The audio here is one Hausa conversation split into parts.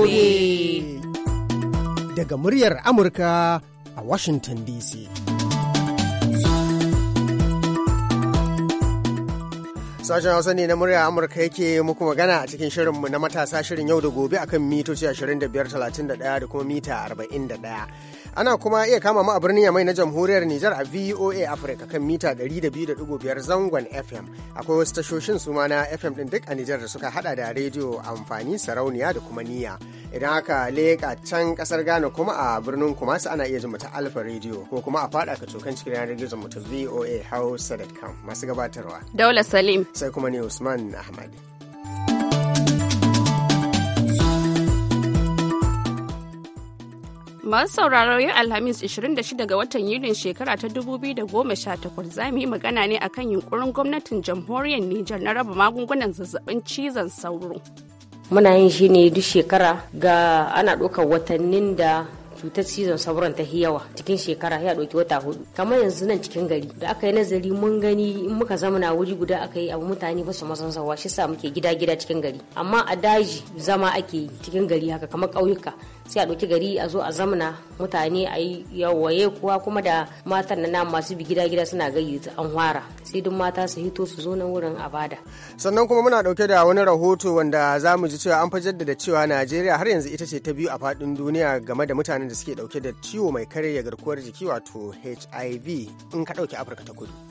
gobe. Daga muryar Amurka a Washington DC. Sashen Hausa ne na murya Amurka yake muku magana a cikin shirinmu na matasa shirin yau da gobe akan mitoci 25, 31 da kuma mita 41. Ana kuma iya kama mu a birnin Yamai na Jamhuriyar Nijar a VOA Africa kan mita 200.5 zangon FM. Akwai wasu tashoshin su ma na FM din duk a Nijar da suka hada da rediyo amfani sarauniya da kuma niyya. Idan aka leka can kasar Ghana kuma a birnin Kumasi ana iya jin ta Alfa rediyo ko kuma a fada ka cokan cikin yanar gizo mu VOA Hausa.com masu gabatarwa. Daula Salim. Sai kuma ne Usman Ahmad. Masu sauraro yau Alhamis 26 ga watan Yunin shekara ta 2018 za mu yi magana ne akan yunkurin gwamnatin jamhuriyar Nijar na raba magungunan zazzabin cizon sauro. Muna yin shi ne duk shekara ga ana ɗaukar watannin da cutar cizon sauron ta yawa cikin shekara ya ɗauki wata hudu kamar yanzu nan cikin gari da aka yi nazari mun gani in muka zama na wuri guda aka yi abu mutane ba su masansawa shi sa muke gida gida cikin gari amma a daji zama ake cikin gari haka kamar ƙauyuka sai a ɗauki gari a zo a zamana mutane a yi yawaye kuwa kuma da matan na nan masu bi gida gida suna gayi an hwara sai duk mata su hito su zo nan wurin a bada sannan kuma muna ɗauke da wani rahoto wanda za mu ji cewa an fa jaddada cewa najeriya har yanzu ita ce ta biyu a faɗin duniya game da mutanen da suke ɗauke da ciwo mai karya garkuwar jiki wato hiv in ka ɗauki afirka ta kudu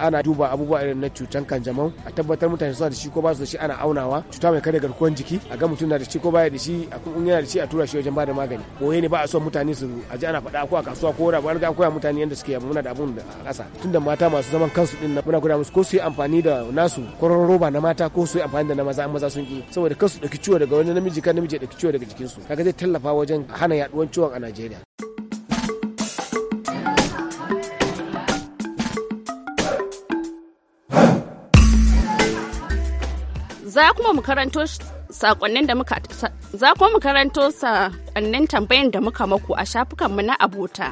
ana duba abubuwa irin na cutan kanjamau a tabbatar mutane suna da shi ko ba su da shi ana aunawa cuta mai kada garkuwan jiki a ga mutum na da shi ko baya da shi a kun yana da shi a tura shi wajen bada magani ko ne ba a so mutane su a ji ana faɗa ko a kasuwa ko rabu an ga koya mutane yadda suke muna da abun da a ƙasa tunda mata masu zaman kansu din na muna gura musu ko su yi amfani da nasu kwaron roba na mata ko su yi amfani da na maza an maza sun ki saboda kansu ɗauki ciwo daga wani namiji kan namiji ya ɗauki ciwo daga jikinsu kaga zai tallafa wajen hana yaduwan ciwon a Najeriya. za kuma mu karanto sakonnin da muka za kuma mu karanto sakonnin tambayan da muka maku a shafukan mu na abota.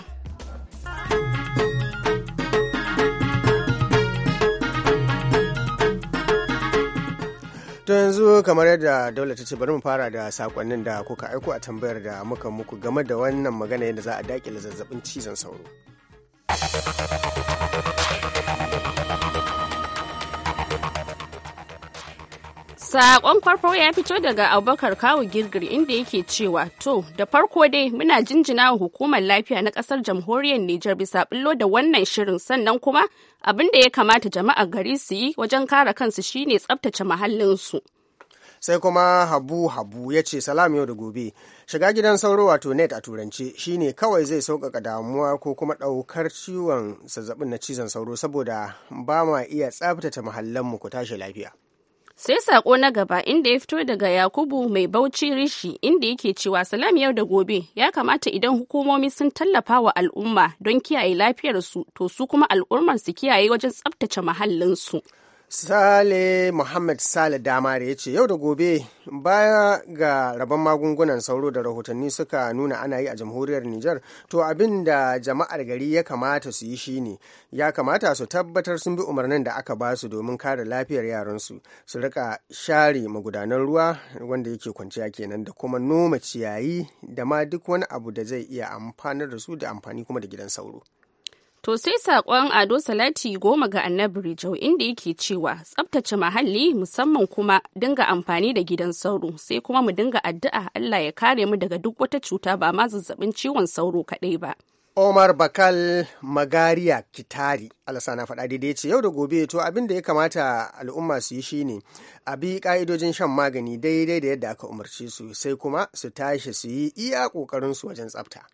To yanzu kamar yadda daula ta ce bari mu fara da sakonnin da kuka aiko a tambayar da muka muku game da wannan magana yadda za a dakile zazzabin cizon sauro. Sakon farko ya fito daga Abubakar Kawu Girgir inda yake cewa to da farko dai muna jinjina wa hukumar lafiya na kasar jamhuriyar Nijar bisa billo da wannan shirin sannan kuma abin da ya kamata jama'a gari su yi wajen kare kansu shine tsabtace su Sai kuma Habu Habu ya ce salam yau da gobe shiga gidan sauro wato net a turance shine kawai zai sauƙaƙa damuwa ko kuma ɗaukar ciwon zazzabin na cizon sauro saboda ba ma iya tsabtace mu ku tashi lafiya. sai sako na gaba inda ya fito daga yakubu mai bauchi rishi inda yake cewa salam yau da gobe ya kamata idan hukumomi sun tallafa wa al'umma don kiyaye lafiyarsu to su kuma al'ummar su kiyaye wajen tsabtace mahallinsu. su Sale Muhammad Sale Damar ya ce yau da gobe baya ga rabon magungunan sauro da rahotanni suka nuna ana yi a jamhuriyar Nijar to abin da jama'ar gari ya kamata su yi shine ya kamata su tabbatar sun bi umarnin da aka basu domin kare lafiyar yaransu su rika share magudanan ruwa wanda yake kwanciya kenan da kuma noma ciyayi da ma duk wani abu da zai iya amfanar da su da amfani kuma da gidan sauro. To sai saƙon Ado Salati goma ga Annabi Rijau inda yake cewa tsabtace muhalli musamman kuma dinga amfani da gidan sauro sai kuma mu dinga addu'a Allah ya kare mu daga duk wata cuta ba ma zazzabin ciwon sauro kaɗai ba. Omar Bakal Magariya Kitari Allah na faɗa daidai ce yau da gobe to abin da ya kamata al'umma su yi shine a bi ka'idojin shan magani daidai da yadda aka umarci su sai kuma su tashi su yi iya ƙoƙarin wajen tsafta.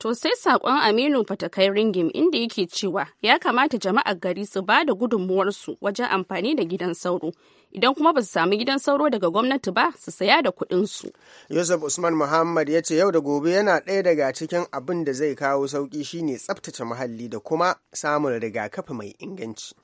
To sai saƙon Aminu Fatakai Ringim inda yake cewa ya kamata jama'ar gari su ba da gudunmuwarsu wajen amfani da gidan sauro. Idan kuma ba su sami gidan sauro daga gwamnati ba su saya da kuɗinsu. Yusuf Usman Muhammad ya ce yau da gobe yana ɗaya daga cikin abin da zai kawo sauƙi shine tsaftace muhalli da kuma samun rigakafi mai inganci.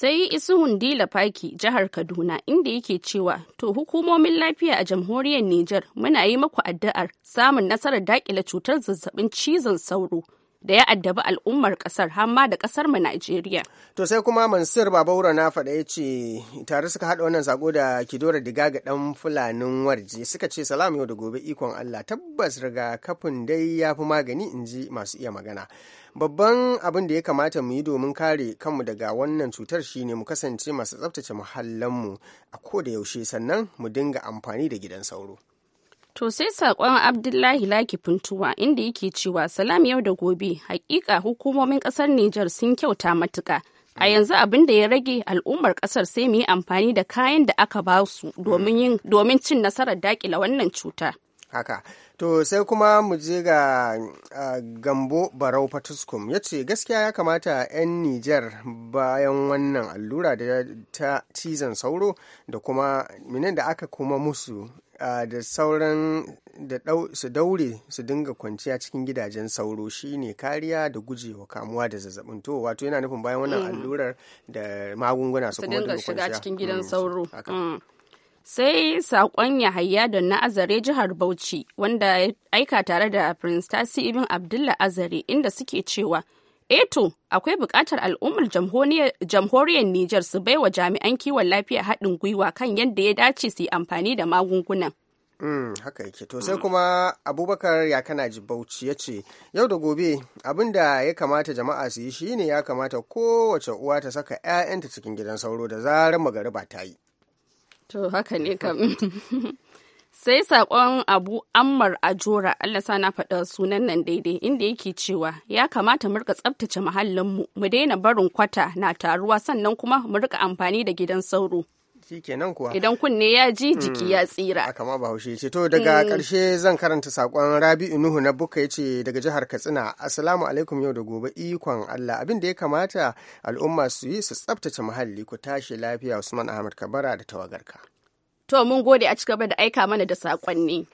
sai yi isuhun dila lafaki jihar kaduna inda yake cewa to hukumomin lafiya a jamhuriyar niger muna yi maku addu'ar samun nasarar dakile cutar zazzabin cizon sauro da ya addabi al'ummar kasar hamma da kasar mu Najeriya. To sai kuma Mansur Babaura na faɗa ya ce tare suka haɗa wannan sako da Kidora Diga ga ɗan Fulanin Warje suka ce salam yau da gobe ikon Allah tabbas kafin dai ya fi magani in ji masu iya magana. babban abin da ya kamata mu yi domin kare kanmu daga wannan cutar shine mu kasance masu tsaftace muhallanmu a koda yaushe sannan mu dinga amfani da gidan sauro To sai sakon Abdullahi Laki Funtuwa inda yake cewa salam yau da gobe hakika hukumomin kasar Nijar sun kyauta matuka. A yanzu abin da ya rage al'ummar kasar sai mu yi amfani da kayan da aka ba su domin cin nasarar dakila wannan cuta. haka to sai kuma mu je ga gambo barau patuskum ya ce gaskiya ya kamata 'yan niger bayan wannan allura da ta cizon sauro da kuma minin da aka kuma musu da sauran da su daure su dinga kwanciya cikin gidajen sauro shine kariya da gujewa kamuwa da zazzabin to wato yana nufin bayan wannan mm. allurar da magunguna su kuma dinga kwanciya cikin gidan mm, sauro sai saƙon yahaya da na'azare jihar bauchi wanda ya aika tare da prince tasi ibn abdullah azare inda suke cewa eto eh akwai buƙatar al'ummar jamhuriyar niger su baiwa jami'an kiwon lafiya haɗin gwiwa kan yadda ya dace su yi amfani da magungunan Mm, haka yake to sai mm. kuma abubakar ya kana ji bauchi ya ce yau da gobe abin da ya kamata jama'a su yi shine ya kamata kowace uwa ta saka 'ya'yanta cikin gidan sauro da zarar magariba ta yi To haka ne kam. Sai saƙon Abu Ammar Ajora, Allah sa na faɗa sunan nan daidai inda yake cewa ya kamata mu rika tsabtace muhallinmu, mu daina barin kwata na taruwa sannan kuma mu rika amfani da gidan sauro. shi kenan kuwa idan kunne ya ji jiki hmm, ya tsira haka ma bahaushe ce to daga karshe hmm. zan karanta sakon rabi'u nuhu na buka yace daga jihar katsina assalamu alaikum yau da gobe ikon allah abin da ya kamata al'umma su yi su tsabtace muhalli ku tashi lafiya usman ahmad kabara da tawagarka to mun gode a ci gaba da aika mana da sakonni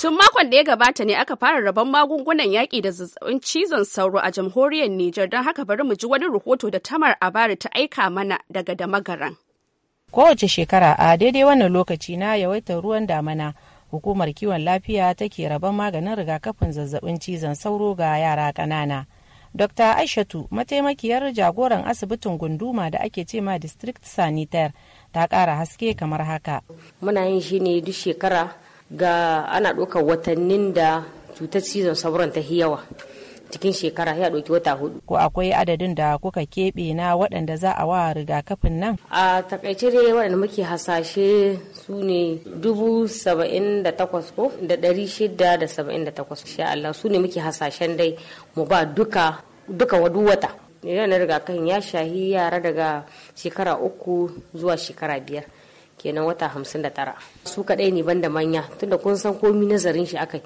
Tun makon da ya gabata ne aka fara rabon magungunan yaƙi da zazzabin cizon sauro a jamhuriyar Nijar don haka bari mu ji wani rahoto da Tamar Abari ta aika mana daga Damagaran. Kowace shekara a daidai wannan lokaci na yawaitar ruwan damana hukumar kiwon lafiya take rabon maganin rigakafin zazzabin cizon sauro ga yara ƙanana. Dr. Aishatu mataimakiyar jagoran asibitin gunduma da ake ce ma district sanitaire ta ƙara haske kamar haka. Muna yin shi ne duk shekara ga ana ɗaukar watannin da cutar cizon sauron ta yawa cikin shekara ya ɗauki wata hudu. Ko akwai adadin da kuka keɓe na waɗanda za a wa rigakafin nan? A takaice dai waɗanda muke hasashe su ne dubu saba'in da takwas ko da ɗari shida da saba'in da takwas. Sha Allah su ne muke hasashen dai mu ba duka duka wadu wata. Yana rigakafin ya shahi yara daga shekara uku zuwa shekara biyar. kenan wata hamsin da tara su kaɗai ne banda manya tunda kun san komi nazarin shi akai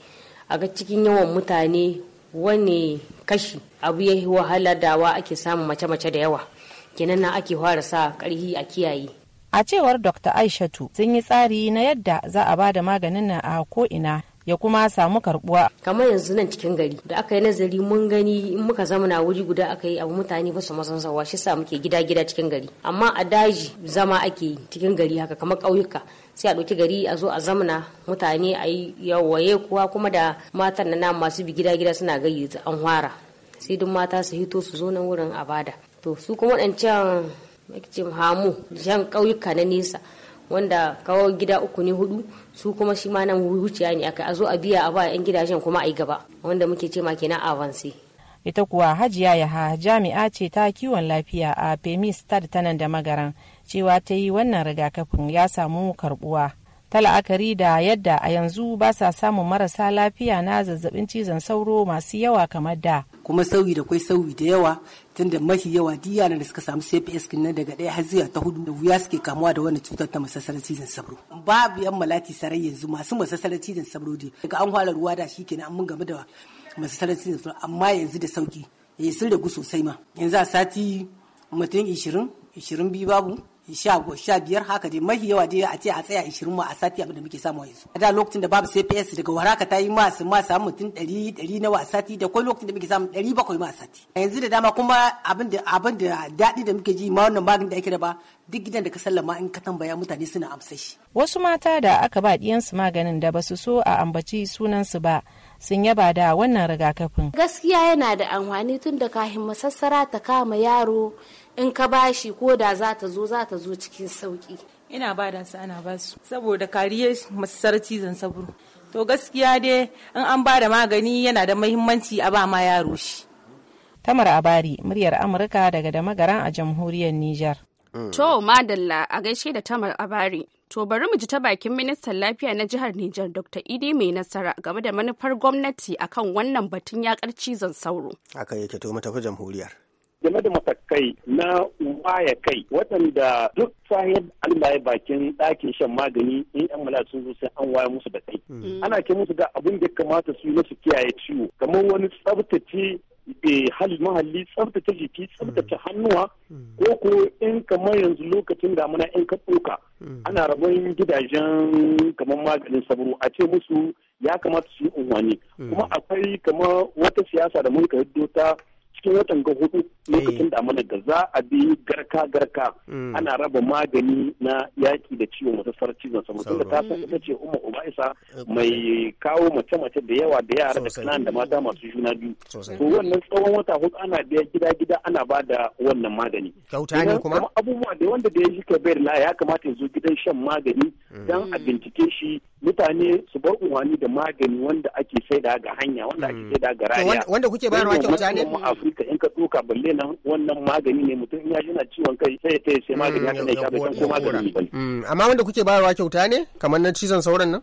a ga cikin yawan mutane wani kashi abu ya wahala dawa ake samun mace-mace da yawa kenan na ake fara sa karhi a kiyaye a cewar dr aishatu sun yi tsari na yadda za a ba da maganin nan a ko'ina ya kuma samu karbuwa. Kamar yanzu nan cikin gari da aka yi nazari mun gani in muka zamana wuri guda aka yi abu mutane ba su mazanzawa shi sa muke gida gida cikin gari amma a daji zama ake cikin gari haka kamar kauyuka sai a ɗauki gari a zo a zamana mutane a yi yawaye kuwa kuma da matan na nan masu bi gida gida suna gayi an hwara sai duk mata su hito su zo nan wurin abada. to su kuma waɗancan hamu jan ƙauyuka na nesa wanda kawo gida uku ne hudu su kuma shi ma nan wuciya ne aka a zo a biya a ba 'yan gidajen kuma a yi gaba wanda muke ce kenan avance ita kuwa hajiya yaha jami'a ce ta kiwon lafiya a pemis ta ta nan da magaran cewa ta yi wannan rigakafin ya samu karbuwa ta la'akari da yadda a yanzu ba sa samun marasa lafiya na zazzabin cizon sauro masu yawa kamar da kuma sauyi da kwai sauyi da yawa tunda mafi yawa duk yaran da suka samu CPS kin na daga daya har zuwa ta hudu da wuya suke kamuwa da wannan cutar ta masassarar cizon sauro babu yan malati sarai yanzu masu masassarar cizon sauro dai daga an hwala ruwa da shi kenan mun game da masassarar cizon sauro amma yanzu da sauki ya eh, sun ragu sosai ma yanzu a sati mutum 20 biyu babu sha biyar haka dai mafi yawa dai a ce a tsaya ishirin ma a sati abin da muke samu a yanzu a da lokacin da babu cps daga waraka ta yi ma su ma samu mutum ɗari ɗari nawa a sati da kwai lokacin da muke samu ɗari bakwai ma a sati yanzu da dama kuma abin da abin da daɗi da muke ji ma wannan magani da ake da ba duk gidan da ka sallama in ka tambaya mutane suna amsa shi wasu mata da aka ba ɗiyansu maganin da ba su so a ambaci sunansu ba sun yaba da wannan rigakafin gaskiya yana da amfani tun da kahin masassara ta kama yaro in ka bashi ko da za ta zo za ta zo cikin sauki ina ba da su ana ba su saboda kariye masar cizon sabro to gaskiya dai in an ba da magani yana da mahimmanci a ba ma yaro shi tamar abari muryar amurka daga da magaran a jamhuriyar niger to madalla a gaishe da tamar abari to bari mu ji ta bakin ministan lafiya na jihar niger dr idi mai nasara game da manufar gwamnati akan wannan batun yakar cizon sauro haka yake to mu tafi jamhuriyar game da matakai na waya kai waɗanda duk sahib Allah ya bakin ɗakin shan magani in yan mala sun zo sai an waya musu da kai. Hmm. Mm. Ana ce musu ga abin da kamata su yi na su kiyaye ciwo kamar wani tsabtace eh, hal mahalli tsabtace jiki tsabtace hmm. hannuwa hmm. ko ko in kamar yanzu lokacin damuna in ka ɗauka ana rabon gidajen kamar maganin sabro a ce musu ya kamata su yi unwani kuma akwai kamar wata siyasa da mun ka hiddo ta cikin watan ga hudu lokacin eh. damuna da za a bi garka garka mm. ana raba magani na yaki da ciwon masassar cizon sauro tunda ta san ita ce umar uba isa mai kawo mace mace da yawa da yara da kanan da mata masu juna biyu to wannan tsawon wata hudu ana biya gida gida ana ba da wannan magani kyauta ne kuma abubuwa da wanda da ya shi bayar la ya kamata ya zo gidan shan magani mm. dan a bincike shi mutane su bar umarni da magani wanda ake saida ga hanya wanda ake mm. saida ga rariya wanda kuke bayarwa kyauta ne duka in ka duka balle nan wannan magani ne mutum in ya yana ciwon kai sai ta sai magani haka ne ya bai ko mm, magani bane mm, amma wanda kuke bayarwa kyauta ne kamar na cizon sauran nan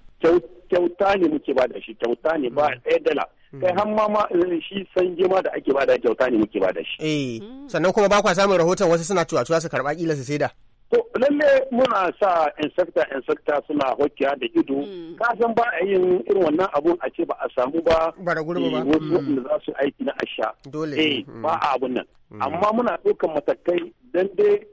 kyauta ne muke bada shi kyauta ne ba mm. ɗaya dala kai har ma ma eh, shi san ma da ake bada kyauta ne muke bada shi eh sannan kuma ba kwa samun rahoton wasu suna cuwa-cuwa su karɓa kila su saida To lalle muna sa insecta insecta suna hokiya da ido, hmm. kasan ba a yin irin wannan abun a ce ba a samu ba eh, wasu hmm. wanda za su aiki na asha. Dole. Eh, hmm. ba a abun nan. Amma muna ɗaukan matakai dan dai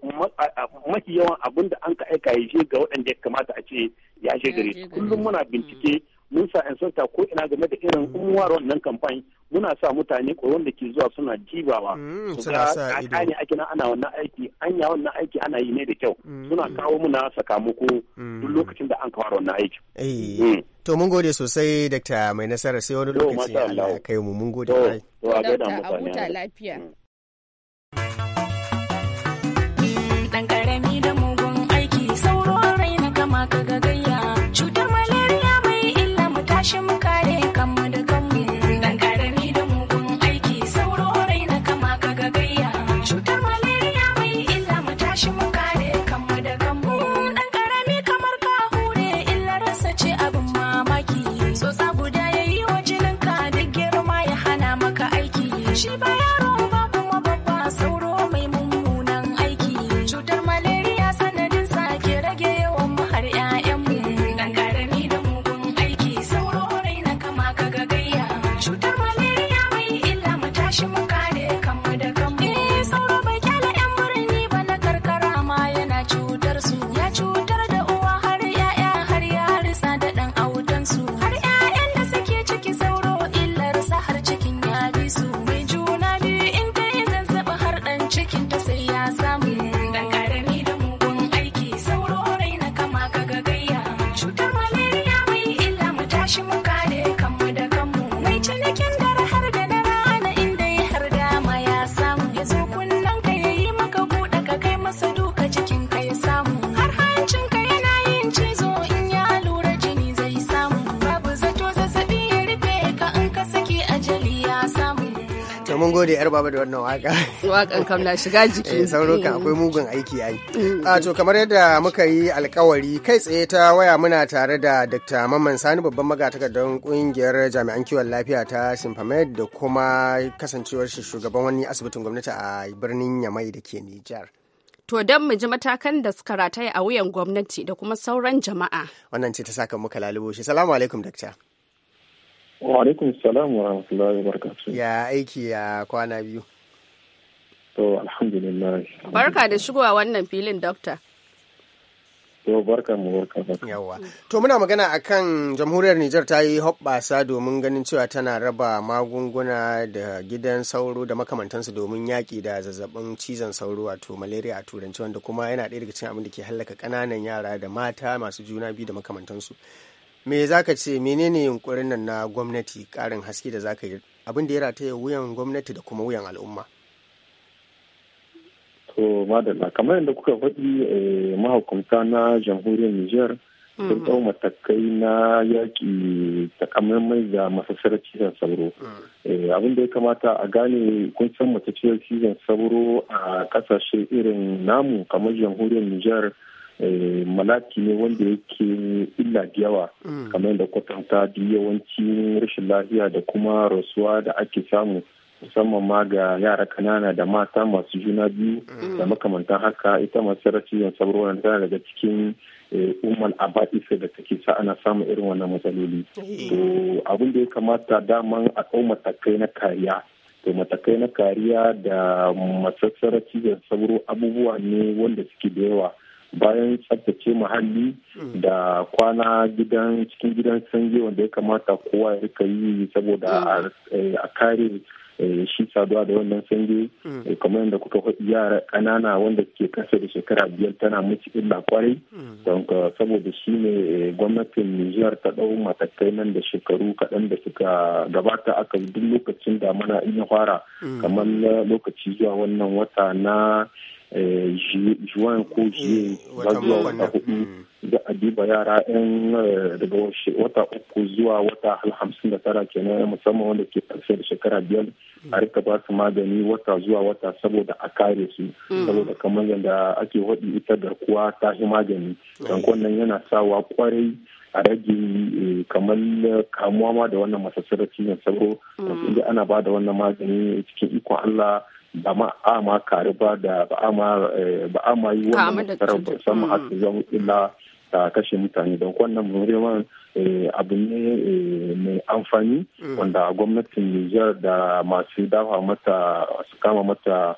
mafi yawan abun da an ka aika ya je ga waɗanda ya kamata a ce ya je gare. Kullum muna bincike. mun sa insanta ko ina game da irin mm. umuwar wannan kamfani muna sa mutane koron da ke zuwa suna jibawa su mm, ga kaka ne ake nan ana wannan aiki ya wannan aiki ana yi ne da kyau mm. suna kawo muna sakamako duk lokacin da an kawo wannan aiki eh. to mun gode sosai dr mai nasara sai wani lokaci ya kai mu mun gode to a ga da mutane lafiya mun gode yar baba da wannan waka wakan kam na shiga jiki eh sauro kan akwai mugun aiki ai mm. a ah, to kamar yadda muka yi alkawari kai tsaye ta waya muna tare da Dr. Mamman Sani babban magatakardar kungiyar jami'an kiwon lafiya ta Sinfamed da kuma kasancewar shi shugaban wani asibitin gwamnati a birnin Yamai da ke Nijar. to don mu ji matakan da suka rataye a wuyan gwamnati da kuma sauran jama'a. Wannan ce ta saka muka lalubo shi. Salamu alaikum, dakta. Wa'alaikun salam wa rahmatullahi wa Ya aiki ya kwana biyu. To alhamdulillah. Barka da shigowa wannan filin dokta. To barka mu barka Yawwa. To muna magana a kan jamhuriyar Nijar ta yi hoɓɓasa domin ganin cewa tana raba magunguna da gidan sauro da makamantansu domin yaƙi da zazzabin cizon sauro wato malaria a turanci wanda kuma yana ɗaya daga cikin abin da ke hallaka ƙananan yara da mata masu juna biyu da makamantansu. me za ka ce menene yunkurin nan na gwamnati ƙarin haske da za ka yi abin da ya rataya wuyan gwamnati da kuma wuyan al'umma to madalla kamar yadda kuka faɗi eh, mahukunta na jamhuriyar niger sun mm. ɗau matakai na yaƙi takamaimai da masassarar cizon sauro mm. eh, abin da ya kamata a gane kun san mace cizon sauro a ƙasashe irin namu kamar jamhuriyar niger Eh, malaki ne wanda yake illa da yawa mm. kamar da kwatanta da yawancin rashin lafiya da kuma rasuwa da ake samu musamman ma ga yara kanana da mata masu juna biyu mm. da makamantan haka ita masu ciwon sauro wannan tana daga cikin eh, umar abadisa da take sa ana samun irin wannan matsaloli eh. to abin da ya kamata daman a kau matakai na kariya to matakai na kariya da masassarar cizon sauro abubuwa ne wanda suke da yawa bayan tsabtace muhalli hmm. da kwana gidan cikin gidan sanje wanda ya kamata kowa ya rika yi saboda hmm. eh, a kare eh, shi saduwa da wannan sange hmm. eh, kamar yadda kuka faɗi yara ƙanana wanda ke kasa da shekara biyar tana mace illa kwarai saboda shi ne gwamnatin Nijar ta ɗau matakai nan da shekaru kaɗan da suka gabata aka duk lokacin da mana in fara kamar lokaci zuwa wannan wata na juin ko juyin zuwa wata a diba yara yan daga wata uku zuwa wata hamsin da tara kenan musamman wanda ke karshe da shekara biyar a rika ba su magani wata zuwa wata saboda a kare su saboda kamar yadda ake waɗi ita garkuwa ta shi magani don wannan yana sawa kwarai a rage eh, kamar kamuwa ma da wannan masassarar cizon sauro mm. inda ana ba da wannan magani cikin ikon Allah ba ma a ma kare ba da ba a ma eh, yi wannan masassarar ba musamman har mm. zan illa ta kashe mutane don wannan mureman eh, abu ne mai amfani mm. wanda gwamnatin Nijar da masu dafa mata su kama mata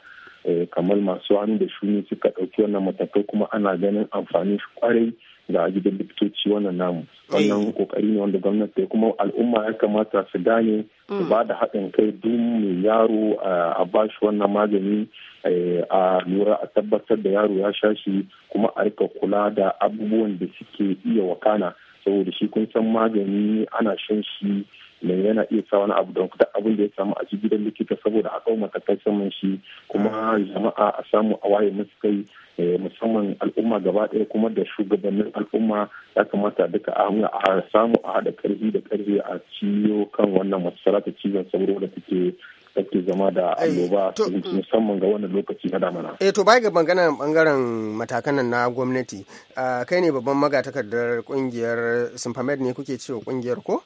kamar masu hannu da shuni suka ɗauki wannan matakai kuma ana ganin amfani. shi kwarai da gidan likitoci wannan namu eh. wannan kokari ne wanda gwamnati kuma al'umma ya kamata su gane su mm. ba da haɗin kai duk mai yaro a ba shi wannan magani a lura a tabbatar da yaro ya sha shi kuma a rika kula da abubuwan da suke iya wakana saboda shi kun san magani ana shan shi mai yana iya sa wani abu don kuta abin da ya samu a cikin gidan likita saboda a ɗauma matakai saman shi kuma jama'a a samu a waye musu kai eh, musamman al'umma gaba ɗaya kuma da shugabannin al'umma ya kamata duka a samu a haɗa ƙarfi da ƙarfi a ciyo kan wannan matsala ta cizon sauro da take take zama da eh, annoba musamman ga wannan lokaci na damana. Eh to bai ga bangaren bangaren matakan nan na gwamnati ah, kai ne babban magatakardar kungiyar Simpamed ne kuke cewa kungiyar ko?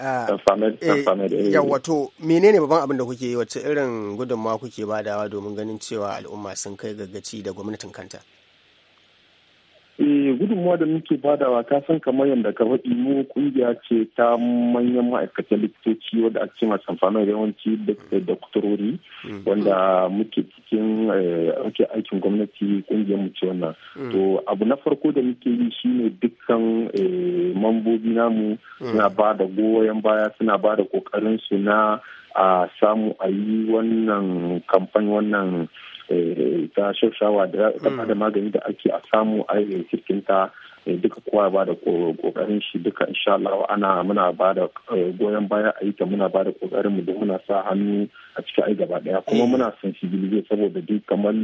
Ah, eh, eh. yawa wato menene babban abin da kuke yi wacce irin gudunmawa kuke badawa domin ganin cewa al'umma sun kai gaggaci da gwamnatin kanta Eh gudunmuwa da muke badawa ka san kamar yadda ka faɗi mu kungiya ce ta manyan ma'aikatan likitoci wanda ake masu amfani da yawanci da kuturori mm. wanda muke cikin ake eh, aikin gwamnati kungiyar mu ce wannan. Mm. To abu na farko da muke yi shine dukkan eh, mambobi namu mm. suna ba da goyon baya suna ba da kokarin su na a samu a yi wannan kamfani wannan Eh, ta shaushawa da hmm. da magani da ake a samu a yi cikin ta eh, duka kowa ba da kokarin shi duka insha Allah ana muna ba da eh, goyon baya a yi muna ba da kokarin mu da muna sa hannu a cikin ai gaba daya kuma hmm. muna son sensibilize saboda duk kamar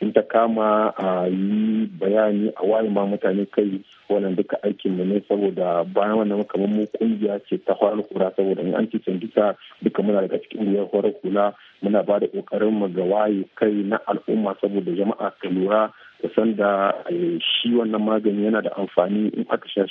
in ta kama a yi bayani a waye ma mutane kai wannan duka aikin mu ne saboda bayan wannan kamar mu kungiya ce ta horar hula saboda in an ci sandisa duka muna daga cikin kungiyar horar hula muna ba da kokarin mu ga waye kai na al'umma saboda jama'a ta lura da sanda eh, shi wannan magani yana da amfani in aka sha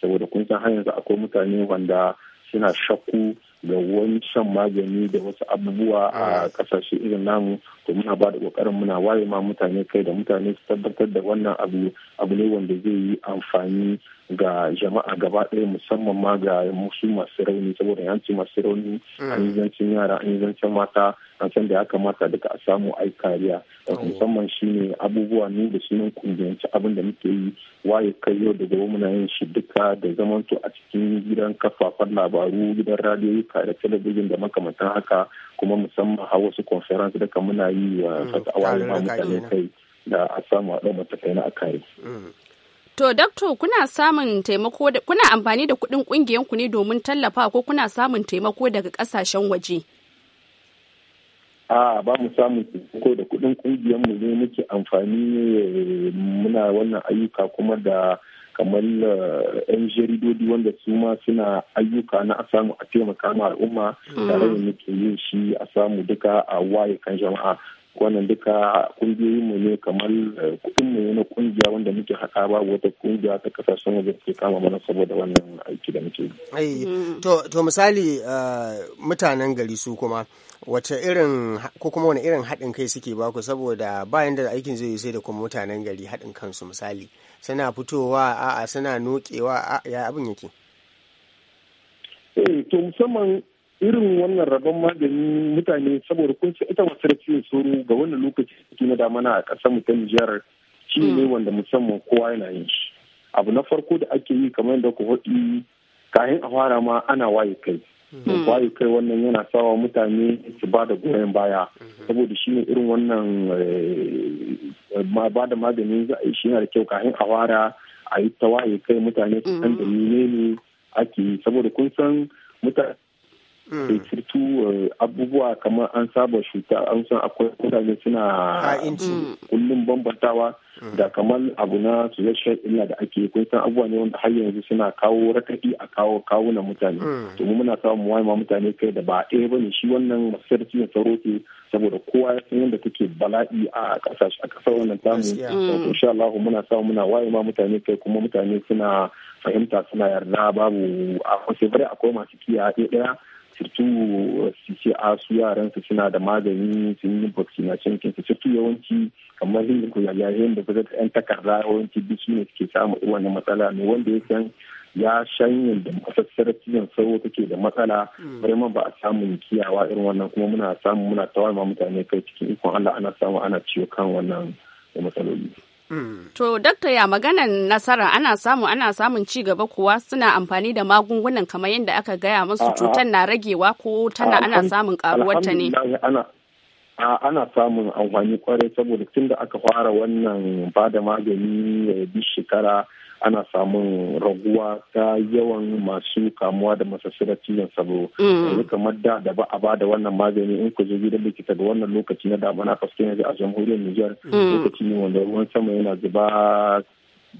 saboda kun san har yanzu akwai mutane wanda suna shakku da wani shan magani da wasu abubuwa a ah. kasashe irin namu to muna ba da kokarin muna waye ma mutane kai da mutane su tabbatar da wannan abu abu ne wanda zai yi amfani ga jama'a gaba ɗaya musamman ma ga musu masu rauni saboda yanci masu rauni hmm. an yi zancen yara an yi zancen mata an san da ya kamata duka a samu ai kariya oh. musamman shi ne abubuwa ne da sunan kungiyanci abin da muke yi waye kai yau da gobe muna yin shi duka da zamanto a cikin gidan kafafen labaru gidan radiyo ayyuka da talabijin da makamantan haka kuma musamman har wasu conference da muna yi wa mm. fatawa ma mutane kai da a samu a matakai na akari. Mm. To, Dakto, kuna samun taimako kuna amfani da kuɗin ƙungiyanku ne domin tallafa ko kuna samun taimako daga ƙasashen waje? a ba mu samun ko da kuɗin kungiyar mu ne muke amfani eh, muna wannan ayyuka kuma da kamar yan eh, jaridodi wanda su ma suna ayyuka na a samu a taimaka ma al'umma mm. tare da muke yin shi a samu duka a waye kan jama'a wannan duka kungiyoyinmu ne kamar eh, kudin ne na kungiya wanda muke haka ba wata kungiya ta kasashen waje ke kama mana saboda wannan aiki da muke yi. Mm. to, misali eh, mutanen gari su kuma wace irin ko kuma wani irin haɗin kai suke baku saboda bayan da aikin zai yi sai da kuma mutanen gari haɗin kansu misali. suna fitowa a'a suna nokewa ya abin yake eh to musamman irin wannan rabon magani mutane saboda kun ce ita wasu ciwon sauro ga wannan lokaci na damana a ƙasar mu ta Nijar shi ne hmm. wanda musamman kowa yana yin shi abu na farko da ake yi kamar da ku haɗi kayan a fara ma ana waye kai kwayo hmm. kai wannan yana sawa mutane su ba da goyon baya saboda shi ne irin wannan eh, ba da maganin za a yi shi yana da kyau kafin a fara a yi tawaye kai mutane su san hmm. da ne ake saboda kun san mutane sirtu hmm. eh, abubuwa kamar an saba shuta an san akwai mutane suna kullum bambantawa da kamar abu na suggestion illa da ake kun san abubuwa ne wanda har yanzu suna kawo rakaɗi a kawo na mutane mm. to mu muna samun ma mutane kai da ba ɗaya ne shi wannan masarci na tsaro ce saboda kowa ya san yadda take bala'i a kasashe a kasar wannan tamu mm. insha Allah muna samu muna ma mutane kai kuma mutane suna fahimta suna yarda babu a sai bare akwai masu kiyaye ɗaya surtu sisi a su yaran su suna da magani sun yi vaccination kinsu surtu yawanci kamar yin yayin da kusa yan takarda yawanci duk su ne suke samu wannan matsala ne wanda ya san ya shanye da masassarar cizon sauro take da matsala vraiment hmm. ba a samun kiyawa irin wannan kuma muna samu muna tawar ma mutane kai cikin ikon Allah ana samu ana ciwo kan wannan matsaloli. Mm. To dakta ya maganan nasara ana samu ana samun ci gaba kuwa suna amfani da magungunan kamar yadda aka gaya musu cutar na ragewa ko tana ana samun karuwarta ta ne. ana samun amfani kwarai saboda tun da aka fara wannan ba da magani bi eh, shekara ana samun raguwa ta yawan masu kamuwa da masassarar cizon sabo mm. yanzu kamar da da ba a ba da wannan magani in ku je gidan likita da wannan lokaci na damana fasko yanzu a jamhuriyar Nijar mm. lokaci ne wanda ruwan sama yana zuba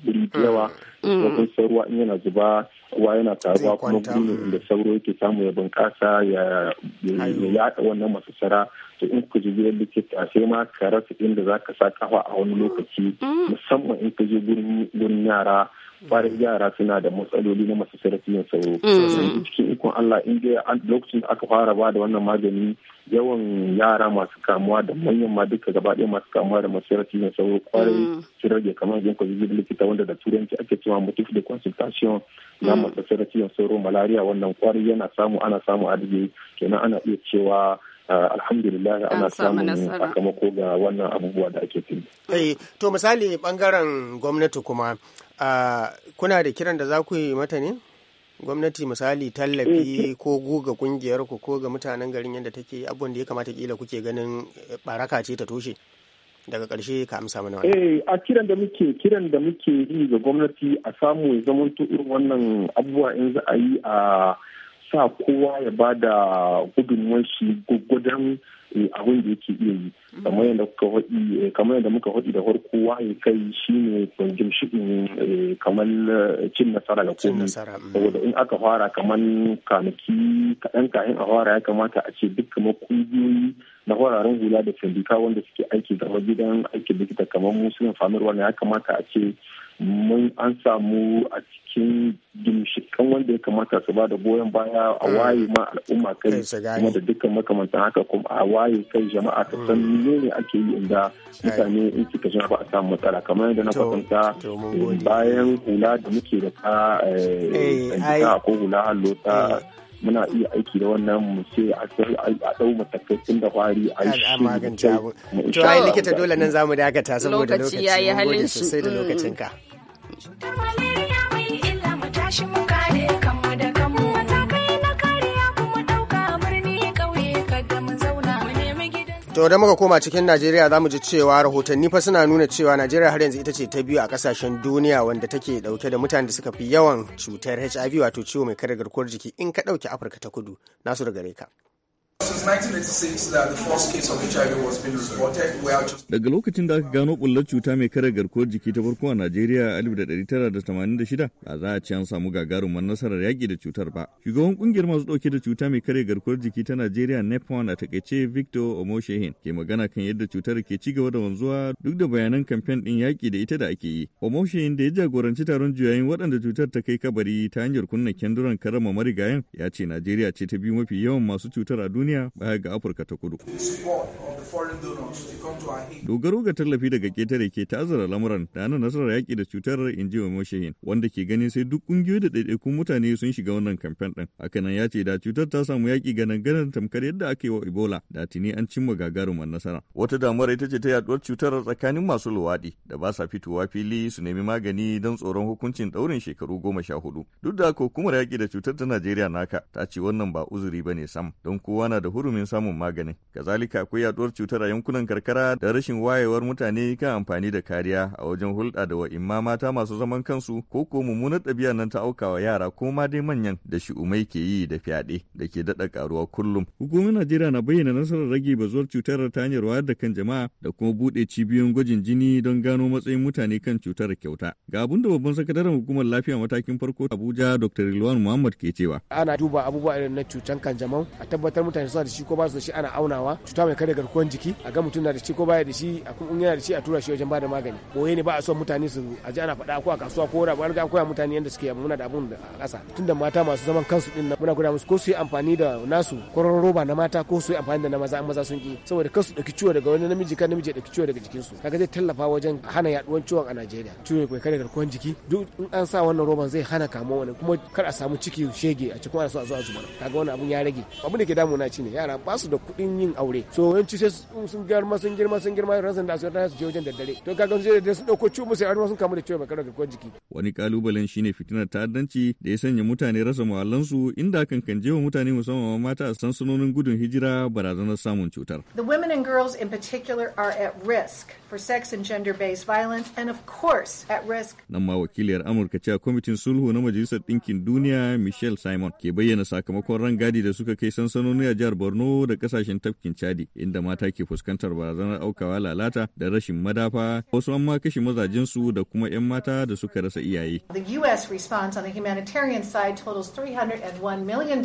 guri yawa mm. wajen in yana zuba wa yana taruwa kuma guri ne inda sauro yake samu ya bunƙasa ya yaɗa wannan sara to in ka je gidan likita sai ma ka rasa inda za ka sa kafa a wani lokaci mm. musamman in ka je gurin yara farin yara suna da matsaloli na masu na sauro mm. cikin ikon Allah in lokacin da aka fara ba da wannan magani yawan yara masu kamuwa da manyan ma duka gaba ɗaya masu kamuwa da masu na sauro kwarai mm. su rage kamar yin kwazizi likita wanda da turanci ake cewa motif da consultation na mm. masu na sauro malaria wannan kwarai yana samu ana samu adadi kenan ana iya cewa Eh, alhamdulillah ana samun sakamako ga wannan abubuwa da ake ciki. Eh, to misali bangaren gwamnati kuma uh, kuna da kiran da za ku yi mata ne? gwamnati misali tallafi ko guga kungiyar ku ko ga mutanen garin yadda take abubuwan da ya kamata kila kuke ganin baraka ce ta toshe daga ƙarshe ka amsa mana a kiran da muke kiran da muke yi ga gwamnati a samu zamanto irin wannan abubuwa in za a yi a sa kowa ya ba da gudunmuwar shi gwagwadon eh, abin da yake iya yi Eh, kamar yadda muka faɗi da farko waye kai shi shine kwanjin shiɗin eh, kamar eh, cin nasara da komi mm. saboda in aka fara kamar kanaki kaɗan kayan a fara ya kamata a ce duk kamar ƙungiyoyi na wararen hula da sandika wanda suke aiki zama gidan aikin likita kamar musulun famir wani ya kamata a ce mun an samu a cikin gimshikan wanda ya kamata su ba da goyon baya a mm. waye ma al'umma kai kuma da dukkan makamantan haka kuma a waye kai jama'a ta san mm. ne ne ake yi inda mutane in suka shi ba a samu matsala kamar yadda na kwatanta eh, bayan hula da muke da ta eh, eh, ko hula hallo ta muna iya aiki da wannan mu ce a ɗau matakaitun da kwari a yi shi magance abu to ai likita dole nan zamu dakata saboda lokaci yi halin su sosai da lokacin ka mm. to da muka koma cikin najeriya za mu ji cewa rahotanni fa suna nuna cewa najeriya har yanzu ita ce ta biyu a kasashen duniya wanda take dauke da mutanen da suka fi yawan cutar hiv wato ciwo mai kare garkuwar jiki in ka dauke afirka ta kudu nasu da gare ka Uh, Daga lokacin da aka gano bullar cuta mai kare garkuwar jiki ta farko a Najeriya a 1986 ba za a ci an samu gagarumar nasarar yaƙi da cutar ba. Shugaban kungiyar masu ɗauke da cuta mai kare garkuwar jiki ta Najeriya e nepal a takaice Victor Omoshehin ke magana kan yadda cutar ke ci gaba da wanzuwa duk da bayanan kamfen din yaƙi da ita da ake yi. Omoshehin da ya jagoranci taron juyayin waɗanda cutar ta kai kabari ta hanyar kunna kenduran karama marigayan ya ce Najeriya ce ta biyu mafi yawan masu cutar a duniya. duniya baya ga Afirka ta kudu. Dogaro ga tallafi daga ketare ke tazara lamuran da ana nasarar yaƙi da cutar inji wa wanda ke ganin sai duk ƙungiyoyi da ɗaiɗaikun mutane sun shiga wannan kamfen ɗin. Hakanan ya ce da cutar ta samu yaƙi ganan ganin tamkar yadda aka yi wa Ebola da tuni an cimma gagarumar nasara. Wata damuwar ita ce ta yaɗuwar cutar tsakanin masu luwaɗi da ba sa fitowa fili su nemi magani don tsoron hukuncin ɗaurin shekaru goma sha hudu. Duk da hukumar yaƙi da cutar ta Najeriya naka ta ce wannan ba uzuri ba ne sam don kowa na na da hurumin samun maganin. Kazalika akwai yaduwar cutar a yankunan karkara da rashin wayewar mutane kan amfani da kariya a wajen hulɗa da wa'imma mata masu zaman kansu ko ko mummunar ɗabi'a nan ta aukawa yara ko ma dai manyan da shi'umai ke yi da fyaɗe da ke daɗa karuwa kullum. Hukumar Najeriya na bayyana nasarar rage bazuwar cutar ta hanyar wayar da kan jama'a da kuma buɗe cibiyoyin gwajin jini don gano matsayin mutane kan cutar kyauta. Ga abin da babban sakataren hukumar lafiya matakin farko Abuja Dr. Rilwan Muhammad ke cewa. Ana duba abubuwa irin na cutan kanjamau a tabbatar mutane mutane suna da shi ko ba su da shi ana aunawa cuta mai karya garkuwar jiki a ga mutum na da shi ko baya da shi a kun in yana da shi a tura shi wajen ba da magani boye ne ba a son mutane su ji ana faɗa ko a kasuwa ko rabu an ga koya mutane yadda suke muna da abun da ƙasa tunda mata masu zaman kansu din muna guda musu ko su yi amfani da nasu kwaron roba na mata ko su yi amfani da na maza an maza sun ki saboda kasu da ciwo daga wani namiji kan namiji da ciwo daga jikinsu kaga zai tallafa wajen hana yaduwar ciwon a Najeriya ciwo mai karya garkuwar jiki duk in an sa wannan roban zai hana kamuwa wani kuma kar a samu ciki shege a cikin ana so a zo a kaga wannan abun ya rage abun da ke damuna lokaci ne yara ba su da kuɗin yin aure so yawanci sai sun girma sun girma sun girma ransan da su su je wajen daddare to kaga sun je sun ɗauko ciwo sai har sun kamu da ciwo mai garkuwar jiki wani kalubalen shine fitinar ta'addanci da ya sanya mutane rasa muhallansu inda kan kan jewa mutane musamman mata a sansanonin gudun hijira barazanar samun cutar the women and girls in particular are at risk for sex and gender based violence and of course at risk nan ma wakiliyar Amurka ce a kwamitin sulhu na majalisar dinkin duniya Michelle Simon ke bayyana sakamakon rangadi da suka kai sansanoni a jihar Borno da kasashen tafkin Chadi inda mata ke fuskantar barazanar aukawa lalata da rashin madafa wasu an ma kashe mazajinsu da kuma 'yan mata da suka rasa iyaye. The US response on the humanitarian side totals $301 million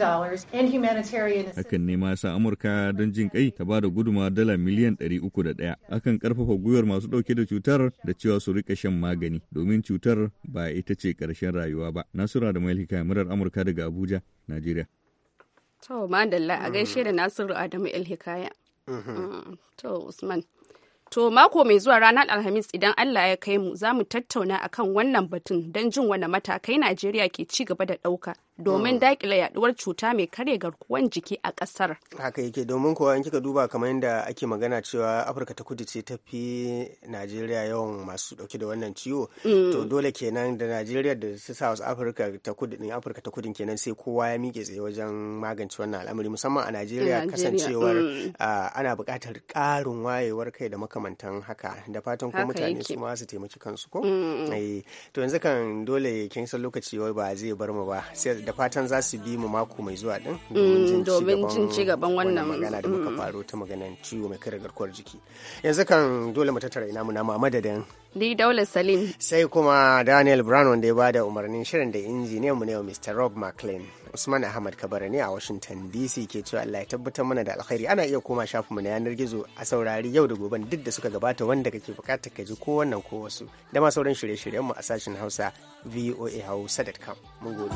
in humanitarian Hakan ne ma sa Amurka don jin kai ta bada guduma dala miliyan 301. Akan karfafa gwiwar masu dauke da cutar da cewa su rika shan magani domin cutar ba ita ce karshen rayuwa ba. Nasura da Malika murar Amurka daga Abuja, Najeriya. To madalla a gaishe mm. da Nasiru Adamu El Hikaya. Mm-hmm. Mm, to Usman. To mako mai zuwa ranar Alhamis idan Allah ya kai mu za mu tattauna akan wannan batun don jin wane matakai Najeriya ke ci gaba da ɗauka domin hmm. dakile yaduwar cuta mai karya garkuwan jiki a kasar haka yake domin kuwa in kika duba kamar yadda ake magana cewa afirka ta kudu ce ta fi najeriya yawan masu ɗauke da wannan ciwo to hmm. dole kenan da najeriya da su south africa ta kudu din afirka ta kudu kenan sai kowa ya miƙe tsaye wajen magance wannan al'amari musamman a najeriya kasancewar hmm. ana buƙatar ƙarin wayewar kai da makamantan haka da fatan ko mutane su ma su taimaki kansu ko eh, to yanzu kan dole kin san lokaci ba zai bar mu ba sai da fatan za su bi mu mako mai zuwa din mm, domin jin ci gaban wannan magana da muka mm. faro ta maganan ciwo mai kare garkuwar jiki yanzu kan dole mu tattara ina mu na madadin ni daular salim sai kuma daniel brown wanda ya bada umarnin shirin da injiniyan mu ne mr rob mclean usman ahmad kabara ne a washington dc ke cewa allah ya tabbatar mana da alkhairi ana iya koma shafinmu na yanar gizo a saurari yau da gobe duk da suka gabata wanda kake bukata ka ji ko wannan ko wasu da sauran shirye-shiryenmu a sashen hausa voa hausa.com mun gode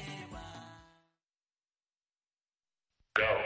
Go